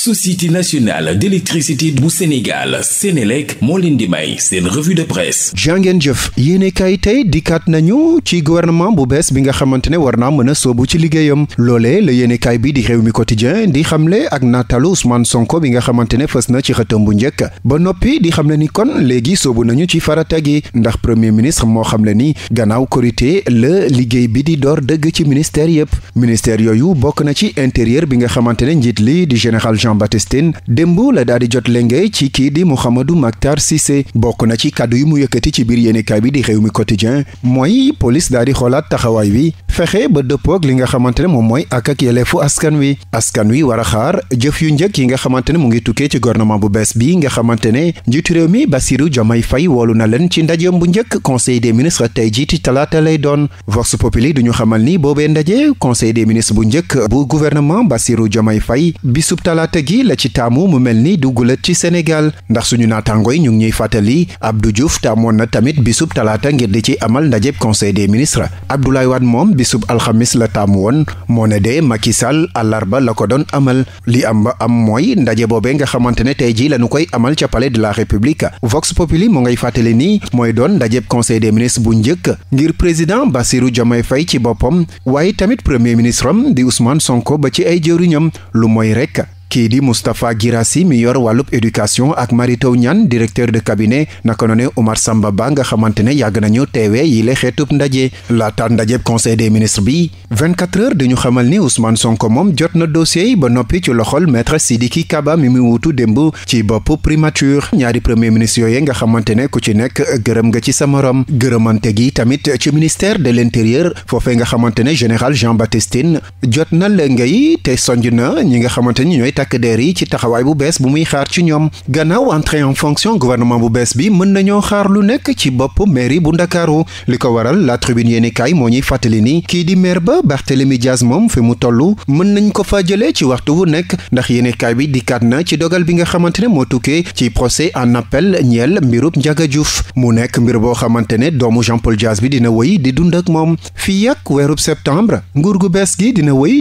société nationale d'électricité bu Sénégal Sénélec moo leen di may seen revue de presse jàngeen jëf yéene kaay tey dikkaat nañu ci gouvernement bu bees bi nga xamante ne war naa mën a soobu ci liggéeyam loole la yéene kaay bi di réew mi quotidien di xamle ak nataalu Ousmane Sonko bi nga xamante ne fës na ci xëtam bu njëkk ba noppi di xamle ni kon léegi soobu nañu ci farata gi ndax premier ministre moo xamle ni gannaaw korité la liggéey bi di door dëgg ci ministère yëpp ministère yooyu bokk na ci intérieur bi nga xamante ne njiit li di général Jean-Baptiste Tine démb la daal di jot lenge ci kii di Mouhamadou Makhtar Cissé bokk na ci kàddu yi mu yëkkati ci biir yéenekaay bi di réew mi quotidien mooy police daal di xoolaat taxawaay wi fexe ba dëppoog li nga xamante ne moom mooy ak ak yeleefu askan wi askan wi war a xaar jëf yu njëkk yi nga xamante ne mu ngi tukkee ci gouvernement bu bees bi nga xamante ne njiitu réew mi Bassirou Diomaye fay woolu na leen ci ndajeem bu njëkk conseil des ministre tey jii ci talaata lay doon vox populi duñu xamal ni boobee ndaje conseil des ministres bu njëkk bu gouvernement Bassirou Diomaye Faye lekk gi la ci taamu mu mel ni dugg la ci Sénégal ndax suñu naataango yi ñu ngi ñuy fàttali Abdou Diouf taamoon na tamit bisub talaata ngir di ci amal ndajeb conseil des ministres Abdoulaye Wade moom bisub alxamis la taamu woon moo ne de Macky Sall àllarba la ko doon amal li am ba am mooy ndaje boobee nga xamante ne tey jii la ñu koy amal ca palais de la république Vox Populi mu ngay fàttali nii mooy doon ndajeb conseil de ministre bu njëkk ngir président Bassirou Diomaye Faye ci boppam waaye tamit premier ministre am di Ousmane Sonko ba ci ay jëwriñam lu kii di Moustapha Guirassi mi yor wàllub éducation ak Mary Teuw Niane directeur de cabinet naka noone Oumar Samba Ba nga xamante ne yàgg nañu teewe yi la xeetub ndaje laata ndaje conseil des ministres bi 24 heures dañu xamal ni Ousmane Sonko moom jot na dossier yi ba noppi ci loxol maître Sidiki Kaba mi mu wutu démb ci bopp primature ñaari premier ministre yooye nga xamante ne ku ci nekk gërëm nga ci sa morom gërëmante gi tamit ci ministère de l'intérieur foofee nga xamante ne général Jean-Baptiste Tine jot na la ngay te sonj na ñi nga xamante ni takk der yi ci taxawaay bu bees bu muy xaar ci ñoom gannaaw entrée en fonction gouvernement bu bees bi mën nañoo xaar lu nekk ci bopp mairie bu ndakaaru li ko waral la tribune yéenekaay moo ñuy fàttali ni kii di maire ba Barthélémy Dias moom fi mu toll mën nañ ko fa jëlee ci waxtu wu nekk ndax yéenekaay bi di dikkaat na ci dogal bi nga xamante ne moo tukkee ci procès en appel ñeel mbirub Ndiaga Diouf mu nekk mbir boo xamante ne doomu Jean Paul Dias bi dina wëy di dund moom fii ak weerub septembre nguur gu bees gi dina wëy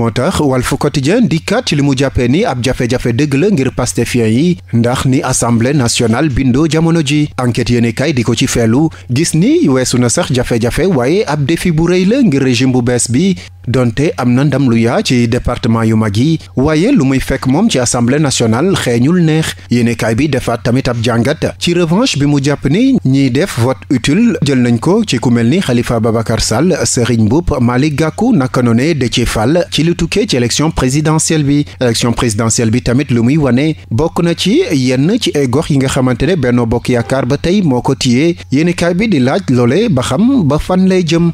moo tax Walf Quotidien dikkaat ci li mu jàppee ni ab jafe-jafe dëgg la ngir pastefien yi ndax ni assemblée nationale bindoo jamono ji enquête yéene kay di ko ci feelu gis ni weesu na sax jafe-jafe waaye ab défi bu rëy la ngir régime bu bees bi donte am na ndam lu yaa ci département yu mag yi waaye lu muy fekk moom ci assemblée nationale xeeñul neex yéenekaay bi defaat tamit ab jàngat ci revanche bi mu jàpp ni ñiy def vote utile jël nañ ko ci ku mel ni xalifa Babacar Sall Serigne Mboup Malick Gakou naka de Déthié Fall ci li tukkee ci élection présidentielle bi élection présidentielle bi tamit lu muy wane bokk na ci yenn ci ay gox yi nga xamante ne Benno Bokk Yaakaar ba tey moo ko téye yéenekaay bi di laaj loole ba xam ba fan lay jëm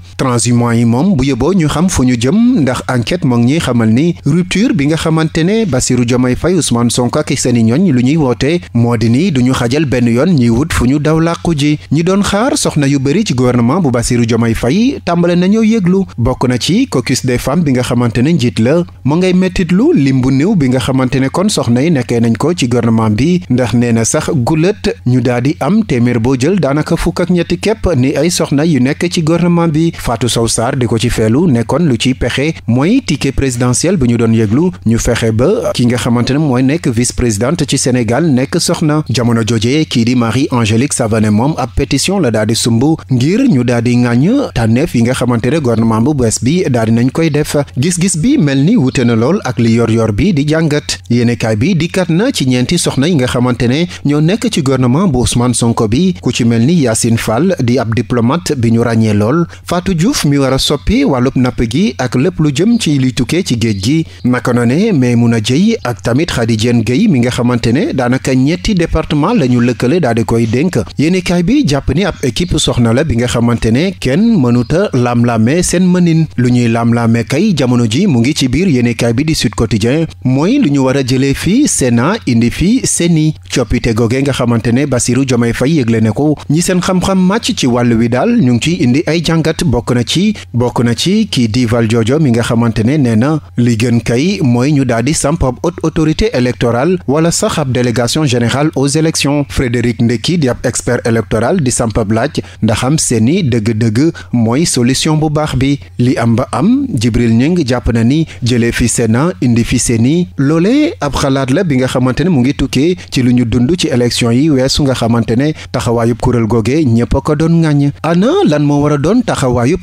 ñu jëm ndax enquête moo ngi ñuy xamal ni rupture bi nga xamante ne Bassirou Diomaye Faye Ousmane Sonko ak seeni ñooñ lu ñuy woote moo di ni duñu xajal benn yoon ñuy wut fu ñu daw làqu ji ñi doon xaar soxna yu bëri ci gouvernement bu Bassirou Diomaye fay tàmbale nañoo yëglu bokk na ci caucus des femmes bi nga xamante ne njiit la moo ngay mettitlu lim bu néew bi nga xamante ne kon soxna yi nekkee nañ ko ci gouvernement bi ndax nee na sax gulët ñu daal di am téeméer boo jël daanaka fukk ak ñetti képp ni ay soxna yu nekk ci gouvernement bi Fatou Sow Sarr ci pexe mooy ticket présidentiel bi ñu doon yëglu ñu fexe ba ki nga xamante ne mooy nekk vice présidente ci Sénégal nekk soxna jamono jooje kii di Marie Angélique Savané moom ab pétition la daal di sumb ngir ñu daal di ŋàññ tànneef yi nga xamante ne gouvernement bu bees bi daal di koy def gis-gis bi mel ni wute na lool ak li yor-yor bi di jàngat yéenekaay bi dikkat na ci ñeenti soxna yi nga xamante ne ñoo nekk ci gouvernement bu Ousmane Sonko bi ku ci mel ni Yacine Fall di ab diplomate bi ñu ràññee lool ak lépp lu jëm ci liituke ci géej gi naka noone Maimouna Dieye ak tamit Khady Diène Gueye mi nga xamante ne daanaka ñetti département lañu ñu lëkkale daal di koy dénk yéenekaay bi jàpp ni ab équipe soxna la bi nga xamante ne kenn mënuta laam-laame seen mënin lu ñuy laam-laame kay jamono ji mu ngi ci biir yéenekaay bi di Sud Quotidien mooy lu ñu war a jëlee fii Sénat indi fii Séni coppite googee nga xamante ne Bassirou Diomaye Faye yëgle ne ko ñi seen xam-xam màcc ci wàllu wi daal ñu ngi ciy indi ay jàngat bokk na ci Fall Jojo mi nga xamante ne nee na li gën kay mooy ñu daal di samp ab haute autorité électorale wala sax ab délégation générale aux élections Frédéric Ndekki di ab expert électoral di samp ab laaj ndaxam seeni dëgg-dëgg mooy solution bu baax bi li am ba am Jibril Ñing jàpp na ni jëlee fi Sénat indi fi seeni loole ab xalaat la bi nga xamante ne mu ngi tukkee ci lu ñu dund ci élection yi weesu nga xamante ne taxawaayub kuréel googee ñëpp a ko doon ŋàññ ana lan moo war a doon taxawaayub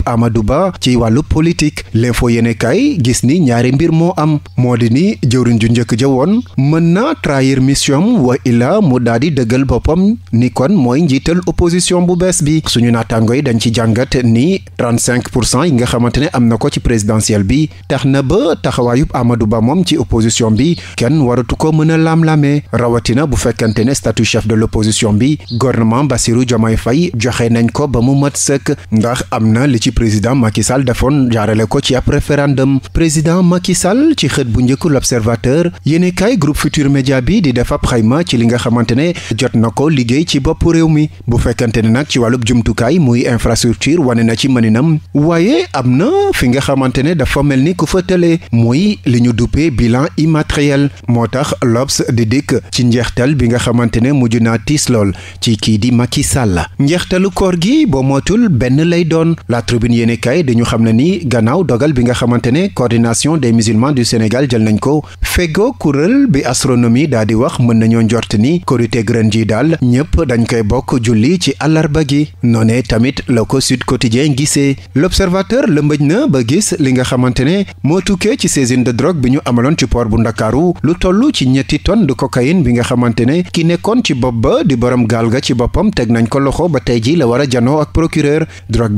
l'info yéene kaay gis ni ñaari mbir moo am moo di ni jëwriñ ju njëkk ja woon mën na trahir mission wa illa mu daal di dëggal boppam ni kon mooy njiital opposition bu bees bi suñu naataango yi dañ ci jàngat ni 35 pour cent yi nga xamante ne am na ko ci présidentielle bi tax na ba taxawaayub amadu Ba moom ci opposition bi kenn waratu ko mën a laam-laamee rawatina bu fekkante ne statu chef de l'opposition bi gouvernement Bassirou Diomaye fay joxe nañ ko ba mu mat sëkk ndax am na li ci président Macky Sall defoon jaarale ko ci ab référendum président Macky Sall ci xët bu njëkk l'observateur yéenekaay groupe future Média bi di def ab xayma ci li nga xamante ne jot na ko liggéey ci bopp réew mi bu fekkante ne nag ci wàllu jumtukaay muy infrastructure wane na ci maninam waaye am na fi nga xamante ne dafa mel ni ku fa tëlee muy li ñu duppee bilan immatériel moo tax l'Obs di dikk ci njeextal bi nga xamante ne mujj naa tiis lool ci kii di Macky Sall njeextalu koor gi boo mootul benn lay doon la tribune yéenekaay dañu xam ne ni gannaaw dogal bi nga xamante ne coordination des musulmans du Sénégal jël nañ ko fego kuréel bi astronomie daa di wax mën nañoo njort ni korite gren ji daal ñëpp dañ koy bokk julli ci àllarba gi noone tamit la ko Sud Quotidien gisee l'observateur lëmbëj na ba gis li nga xamante ne moo tukkee ci saisine de drogue bi ñu amaloon ci port bu Ndakaaru lu toll ci ñetti tonnes de cocaïne bi nga xamante ne ki nekkoon ci bopp ba di borom gaal ga ci boppam teg nañ ko loxo ba tey ji la war a janoo ak procureur drogue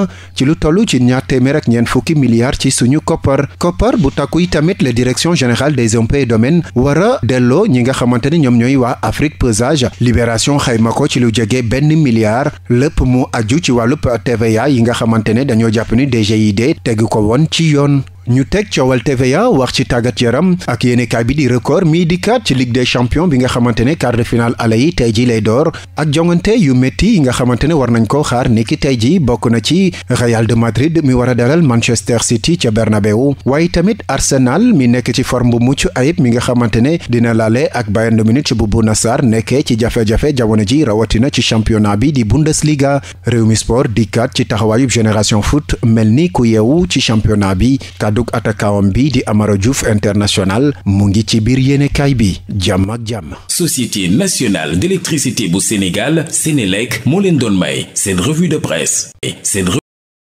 an ci lu toll ci ñaar téeméer ak ñeent fukki milliards ci suñu koppar koppar bu takkuy tamit la direction générale des impôts et domaines war a delloo ñi nga xamante ne ñoom ñooy waa Afrique pesage libération xayma ko ci lu jege benn milliard lépp mu aju ci wàllu TVA yi nga xamante ne dañoo jàpp ni de tegu ko woon ci yoon ñu teg coowal TVA wax ci tàggat yaram ak yéenekaay bi di record mii di kat ci Ligue des champions bi nga xamante ne quart de finale aller yi tey ji lay door ak jongante yu métti yi nga xamante ne war nañ ko xaar niki tey ji bokk na ci Real de Madrid mi war a dalal Manchester City ca Bernabeu waaye tamit Arsenal mi nekk ci forme bu mucc ayib mi nga xamante ne dina laale ak Bayern de Munich bu Bouna Sarr nekkee ci jafe-jafe jamono ji rawatina ci championnat bi di Bundesliga Rewmi Sport di kat ci taxawaayub Génération Foot mel ni ku yeewu ci championnat bi kàddug attaquant bi di Amara Diouf international mu ngi ci biir yéenekaay bi jàmm ak jàmm. Société nationale d'électricité bu Sénégal Sénélec moo leen doon may seen revue de presse. seen